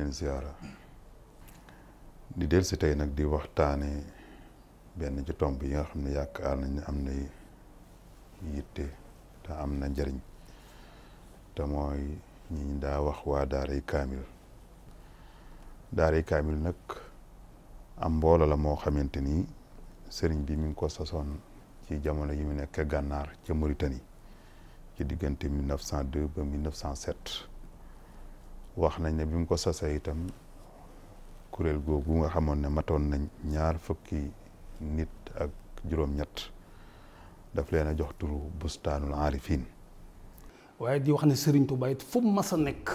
leen ziara di del si tey nag di waxtaane benn ci tomb yi nga xam ne yaakaar nañ ne am na yitte te am na njariñ te mooy ñi daa wax waa daaray kaamil daaray kaamil nag am mbooloo la moo xamante ni sëriñ bi mi ngi ko sasoon ci jamono yi mu nekk gànnaar ca Mauritanie ci diggante 1902 ba 1907 wax nañ ne bi mu ko sosee itam kuréel googu nga xamoon ne matoon nañ ñaar fukki nit ak juróom-ñett daf leen a jox turu bustaanul aarifin waaye di wax ne sëriñ Touba it fu mu nekk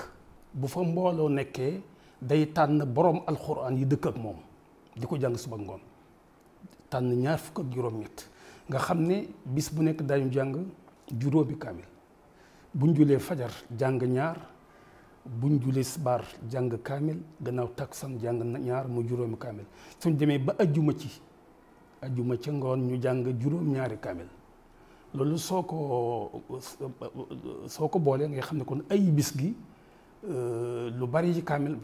bu fa mbooloo nekkee day tànn boroom alxuraan yi dëkk ak moom di ko jàng suba ngoon tànn ñaar fukk ak juróom-ñett nga xam ne bis bu nekk dañu jàng juróomi kaamil buñ julee fajar jàng ñaar. buñ julee sbaar jàng kaamil gannaaw taksan jàng ñaar mu juróomi kaamil suñ demee ba ajjuma ci ajjuma ci ngoon ñu jàng juróom-ñaari kaamil loolu soo ko soo ko boolee ngay xam ne kon ay bis gi euh, lu bari ci kaamil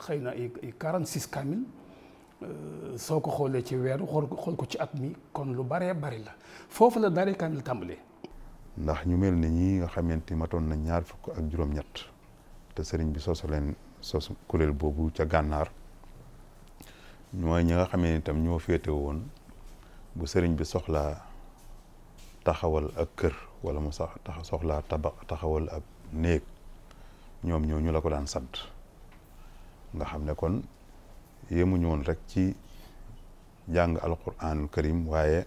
xëy na ay ay quarante six kaamil euh, soo ko xoolee ci weeru xool ko ci at mi kon lu baree bari la foofu la daaree kaamil tàmbalee. ndax ñu mel ni ñi nga xamante matoon na ñaar fukk ak juróom-ñett. te sëriñ bi sosu leen sos kuréel boobu ca gànnaar ñooy ñi nga xamee ni tam ñoo féete woon bu sëriñ bi soxlaa taxawal ak kër wala mu sax soxlaa tabax taxawal ab néeg ñoom ñoo ñu la ko daan sant nga xam ne kon yémuñu woon rek ci jàng alquranul karim waaye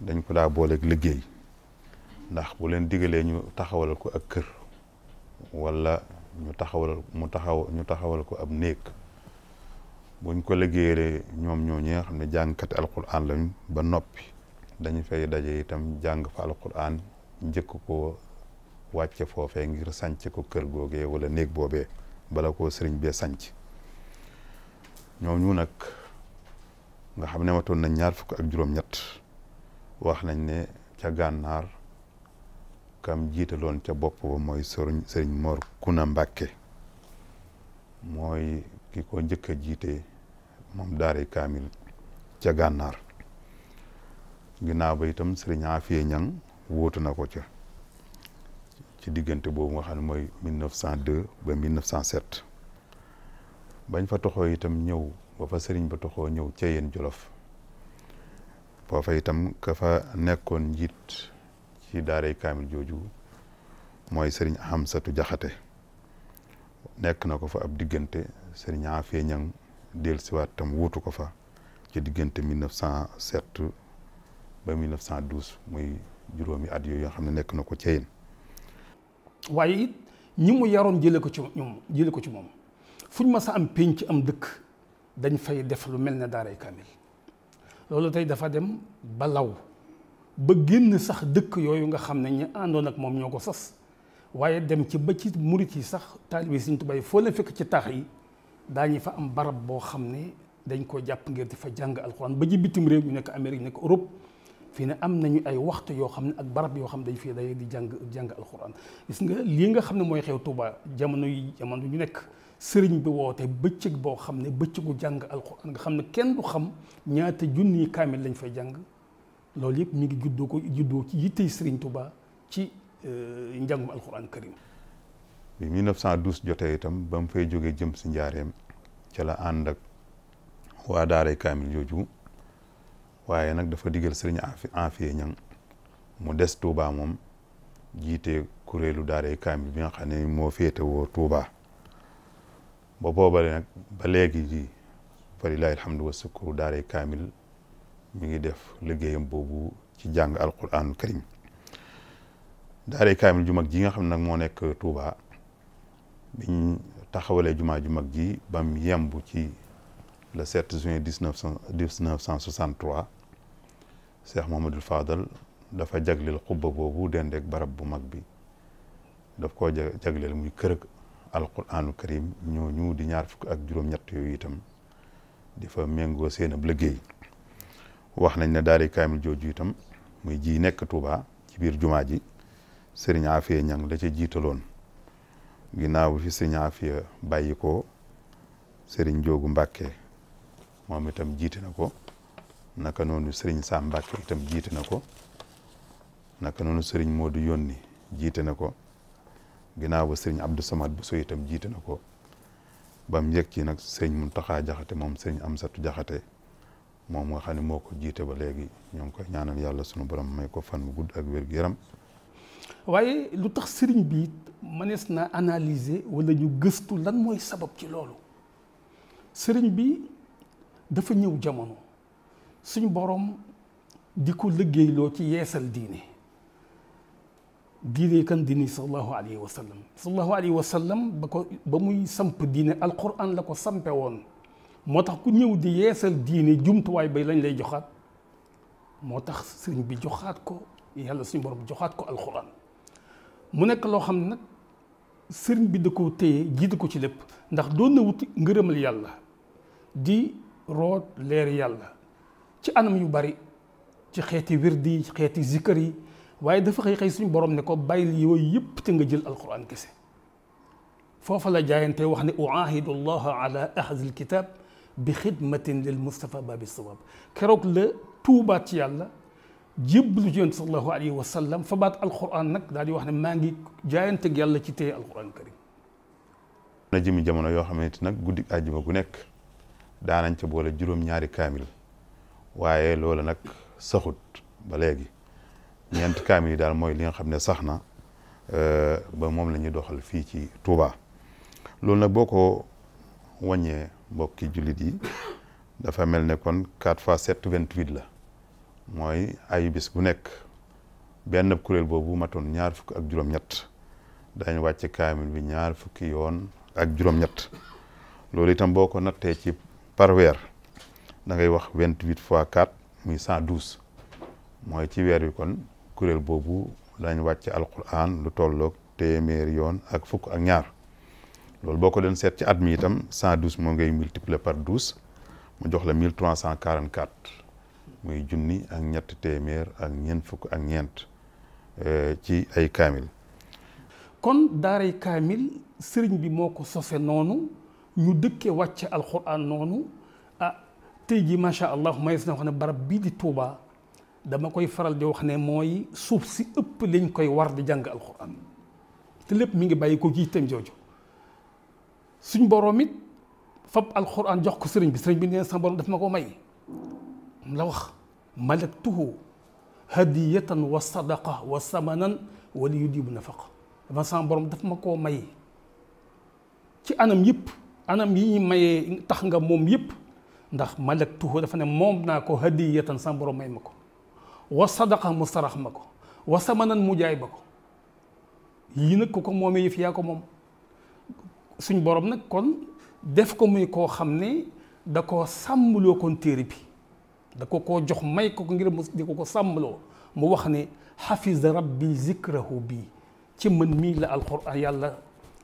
dañ ko daa booleeg liggéey ndax bu leen digalee ñu taxawal ko ak kër wala ñu taxawal mu taxaw ñu taxawal ko ab néeg buñ ko liggéeyee ñoom ñoo ñi nga xam ne jàngkati alquran lañu ba noppi dañu fay daje itam jàng fa alquran njëkk ko wàcce foofe ngir sanc ko kër googee wala néeg boobe bala koo sëriñ bee sanc ñooñu nag nga xam ne matoon nañ ñaar fukk ak juróom-ñett wax nañ ne ca gànnaar kam jiitaloon ca bopp ba mooy sëriñ Mor Kuna Mbàkke mooy ki ko a jiite moom daare kaamil ca gànnaar ginnaaw ba itam sëriñ Afiye Ñang wóotu na ko ca ci diggante boobu nga xam ne mooy 1902 ba 1907 bañ fa toxoo itam ñëw ba fa sëriñ ba toxoo ñëw ca yéen Jolof foofa itam ka fa nekkoon njiit ci daaray kaamil jooju mooy sëriñ Hamsatu Jaxate nekk na ko fa ab diggante sëriñ Afee Ñang dellusiwaat tam wuutu ko fa ci diggante 1907 ba 1912 muy juróomi at yooyu xam ne nekk na ko ceyin waaye it ñi yaroon jële ko ci ko ci moom fuñ ma sa am pénc am dëkk dañ fay def lu mel ne daaray kaamil loolu tey dafa dem balaw ba génn sax dëkk yooyu nga xam ne ñi àndoon ak moom ñoo ko sas waaye dem ci ba ci murit yi sax taalibe Sëriñ Tuubaa yi foo leen fekk ci taax yi daañu fa am barab boo xam ne dañ ko jàpp ngir di fa jàng alxuraan ba ci bitim réew ñu nekk Amérique ñu nekk Europe fii ne am nañu ay waxtu yoo xam ne ak barab yoo xam ne dañ fii day di jàng jàng gis nga lii nga xam ne mooy xew Tuubaa jamono yi jamono ñu nekk sëriñ bi woote bëccëg boo xam ne bëccëgu jàng alxuraan nga xam ne kenn du xam ñaata junni kaamil lañ fay jàng loolu yëpp mi ngi juddoo ko juddoo ci yittey Serigne Touba ci euh, njàngum alquran karim bi 1912 jotee itam ba mu fay joge jëm si njaareem ca la ànd ak waa daaray kaamil jooju waaye nag dafa digal Serigne Afi Afiye ñang mu des Touba moom jiite kuréelu daaray kaamil bi nga xam ne moo fete woo Touba ba boobale nag ba léegi ji fa lillaahi alhamdu wa sukuru kamil mi ngi def liggéeyam boobu ci jàng alquraanul karim daaray kaamil ju mag ji nga xam nag moo nekk Touba biñ taxawalee jumaa ju mag ji bam yemb ci le 7 juin 1963 Cheikh Mouhamadoul Fadal dafa jagleel xubba boobu dendeek barab bu mag bi daf koo jagleel muy kër ak alquraanul karim ñooñu di ñaar fukk ak juróom-ñett yooyu itam di fa méngoo seen ab liggéey wax nañ ne daari kaamil jooju itam muy ji nekk Touba ci biir jumaa ji sëriñ Afia ñang la ca jiitaloon ginnaaw bi fi sëriñ Afia bàyyi ko sëriñ Joogu mbakke moom itam jiite na ko naka noonu sëriñ Sam Mbàkke jiite na ko naka noonu sëriñ Modou Yonni jiite na ko ginnaaw ba sëriñ Abdou Samad Bousso itam jiite na ko bam njëkk ci nag sëriñ Muntaxa jakate moom sëriñ Amsatu Jaxate moom nga xani ne moo ko jiite ba léegi ñoo ngi koy ñaanal yàlla sunu borom may ko fan bu gudd ak wér-gu-yaram. waaye lu tax sëriñ bi mënees na analyser wala ñu gëstu lan mooy sabab ci loolu sëriñ bi dafa ñëw jamono suñu borom di ko liggéeyloo ci yeesal diine diine kan dini sallallahu alayhi wa sallam sallallahu alayhi wa ba ko ba muy samp diine alquran la ko sampe woon. moo tax ku ñëw di yeesal diine jumtuwaay bay lañ lay joxaat moo tax sëriñ bi joxaat ko yàlla suñu borom joxaat ko alxuraan mu nekk loo xam ne nag sëriñ bi da ko téye jiitu ko ci lépp ndax doon na wuti ngërëmal yàlla di root leer yàlla ci anam yu bari ci xeeti wirdi ci xeeti zikkar yi waaye dafa xëy xëy suñu borom ne ko bay yooyu yëpp te nga jël alxuraan kese foofa la jaayante wax ne uaahidu allaha ahdil kitab bi xidmatin lil Moustapha Babi Sawab kerook la tuubaat ci yàlla jébbalu ci yonent sallallahu alayhi wa fa baat alquran nag daal di wax ne maa ngi jaayanteeg yàlla ci téye alquran karim. na jëmi jamono yoo xamante nag guddi àjjuma gu nekk daanañ ca boole juróom-ñaari kaamil waaye loola nag saxut ba léegi ñeenti kaamil yi daal mooy li nga xam ne sax na euh, ba moom la ñuy doxal fii ci Touba loolu nag boo ko wàññee. mbokki jullit yi dafa mel ne kon quatre fois sept vingt-huit la mooy ayu bis bu nekk benn kuréel boobu matoon ñaar fukk ak juróom-ñett dañ wàcc kaamil bi ñaar fukki yoon ak juróom-ñett loolu itam boo ko nattee ci par weer da ngay wax vingt-huit fois quatre muy cent douze mooy ci weer wi kon kuréel boobu dañ wàcc alquran lu tolloog téeméeri yoon ak fukk ak ñaar loolu boo ko doon seet ci at mi itam cent moo ngay multiplier par douze mu jox la mille trois cent quarante quatre muy junni ak ñett téeméer ak ñeent fukk ak ñeent euh, ci ay kaamil. kon daaray kaamil sëriñ bi moo ko sose noonu ñu dëkkee wàcce alxuraan noonu ah tey jii macha allah mayees na wax ne barab bii di Touba dama koy faral di wax ne mooy suuf si ëpp lañ koy war di jàng alxuraan te lépp mu ngi bàyyi ko ci itam jooju. suñ boroom it fab alxuraan jox ko sëriñ bi sëriñ bi neen sama boroom daf ma ko may la wax malaktuhu hadiyatan wa sadaqa wa samanan wa li yudibu nafaqa dafa sama boroom daf ma koo may ci anam yëpp anam yi maye mayee tax nga moom yëpp ndax malaktuhu dafa ne moom naa ko hadiyatan sama mboroom may ma ko wa sadaqa mu sarax ma ko wa samanan mu jaay ma ko ko ko moomee yëf moom suñ borom nag kon def ko muy koo xam ne da koo sàmmloo kon téere bi da ko ko jox may ko ngir mu di ko ko sàmmloo mu wax ne xafisa rabbi zikrahu bi ci mën mii la alquran yàlla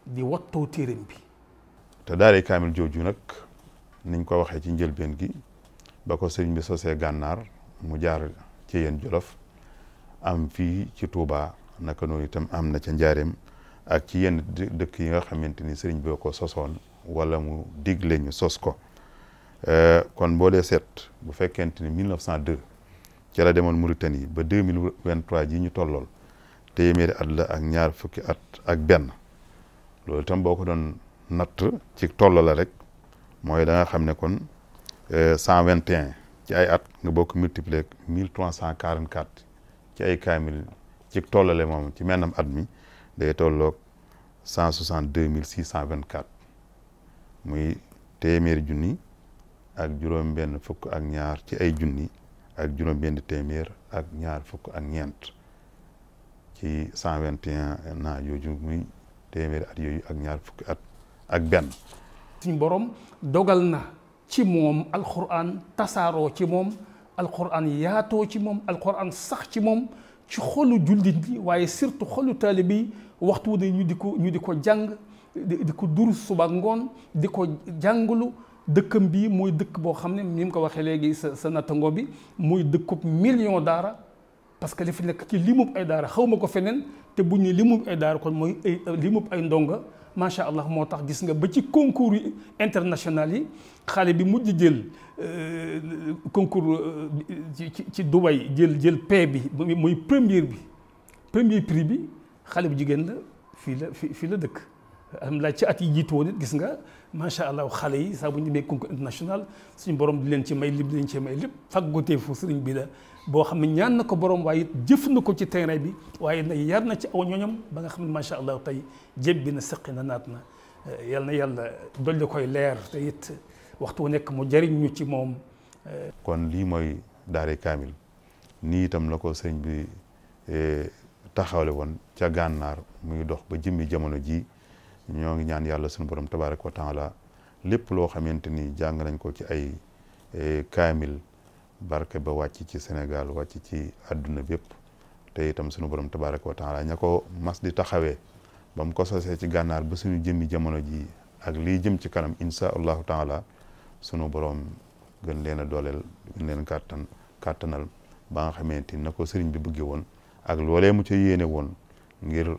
di wattoo téereem bi te daaray kaamil jooju nag niñ ko waxee ci njëlbeen gi ba ko sëriñ bi sosee gànnaar mu jaar ci yéen jolof am fii ci Touba naka noonu itam am na ca njaareem ak ci yenn dëkk yi nga xamante ni sëriñ bi ko sosoon wala mu digle ñu sos ko euh, kon boo dee set bu fekkente ni 1902 ci la demoon Mauritanie ba 2023 ji ñu tollool téeméeri at la ak ñaar fukki at ak benn loolu itam boo ko doon natt ci tolloo la rek mooy da nga xam ne kon euh, cent vingt 121 ci ay at nga bokk multiplier 1344 ci ay kaamil ci tollale moom ci mennam at mi day tolloog cent soixante mille six cent vingt quatre muy téeméer junni ak juróom-benn fukk ak ñaar ci ay junni ak juróom-benn téeméer ak ñaar fukk ak ñeent ci cent vingt et un muy téeméeri at yooyu ak ñaar fukki at ak benn. suñ borom dogal na ci moom alxuraan tasaaroo ci moom alxuraan yaatoo ci moom alxuraan sax ci moom. ci xolu jullit yi waaye surtout xolu taalibe yi waxtu wu ne ñu di ko ñu di ko jàng di ko dur suba ngoon di ko jàngalu dëkkam bii mooy dëkk boo xam ne ni mu ko waxee léegi sa sa nattango bi mooy dëkku million daara parce que li nekk ci lii limub ay daara xaw ma ko feneen te bu buñ ne limub ay daara kon mooy ay limub ay ndonga macha allah moo tax gis nga ba ci concours yi international yi xale bi mujj jël euh, concours euh, ci ci Dubaï jël jël paie bi muy première bi premier prix bi xale bi jigéen la fii la fii fii la dëkk. alhamdulilah ci at yi jiitu woon gis nga macha allah xale yi saa bu ñu demee concours international suñu borom di leen ci may li di leen may lépp fàggutee fu sëriñ bi la. boo xam ne ñaan na ko borom waaye it jëf na ko ci terrain bi waaye nag yar na ci aw ñoñam ba nga xam ne macha allah tey jébbi na sëqi na naat na eh, yal na yàlla dolli koy leer te it waxtu wu nekk mu jëriñ ñu ci moom. Eh. kon lii mooy daare kaamil nii itam la ko sëñ bi eh, taxawle woon ca gànnaar muy dox ba jëmmi jamono ji ñoo ngi ñaan yàlla suñu borom tabaaraka wa taala lépp loo xamante ni jàng nañ ko ci ay kaamil. barke ba wàcc ci Sénégal wàcc ci àdduna bépp te itam sunu borom tabaraka wa taala ña ko mas di taxawee ba mu ko sosee ci gànnaar ba suñu jëmmi jamono ji ak lii jëm ci kanam insha allahu taala sunu borom gën leen a dooleel gën leen kàttan kàttanal ba nga xamante ni na ko sëriñ bi bëggee woon ak loolee mu ci yéene woon ngir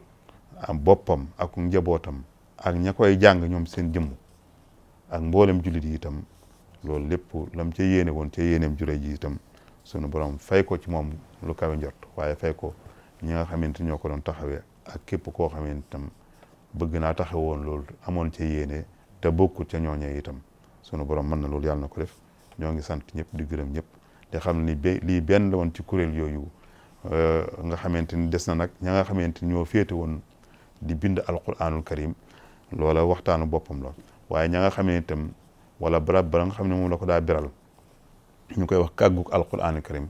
am boppam ak njabootam ak ña koy jàng ñoom seen jëmm ak mboolem jullit yi itam loolu lépp lam ca yéene woon ca yéeneem jure ji itam sunu borom fay ko ci moom lu kawe njort waaye fay ko ñi nga xamante ñoo ko doon taxawee ak képp koo xamante tam bëgg naa taxaw woon lool amoon ca yéene te bokkut ca ñooñee itam sunu borom mën na loolu yàlla na ko def ñoo ngi sant ñëpp di gërëm ñëpp te xam ne ni lii benn woon ci kuréel yooyu euh, nga xamante ni des na nag ña nga xamante ni ñoo féete woon di bind alquranul karim loola waxtaanu boppam la waaye ña nga wala barab bara nga xam ne moom la ko daa beral ñu koy wax kàggug alquran karim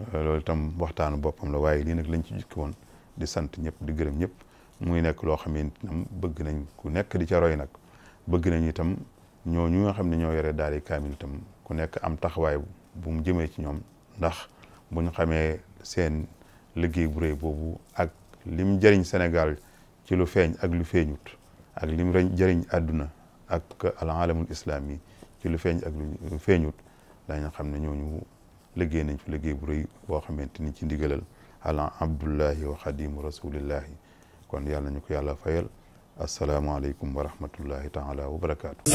euh, loolu itam waxtaanu boppam la waaye lii nag lañ ci jukki woon di sant ñëpp di gërëm ñëpp muy nekk loo xam ne itam bëgg nañ ku nekk di ca roy nag bëgg nañ itam ñooñu nga xam ne ñoo yore daal di kaamil itam ku nekk am taxawaay bu mu jëmee ci ñoom ndax bu ñu xamee seen liggéey bu réy boobu ak lim jëriñ Sénégal ci lu feeñ ak lu feeñut ak lim jëriñ àdduna ak al alamul islami ci lu feeñ ak lu feeñut xam ne ñooñu liggéey nañ fi liggéey bu rëy boo xamante ni ci ndigalal ala abdullahi wa xadimu rasulillahi kon yàlla ñu ko yàlla fayal asalaamualeykum wa rahmatullahi taala wa barakaatu.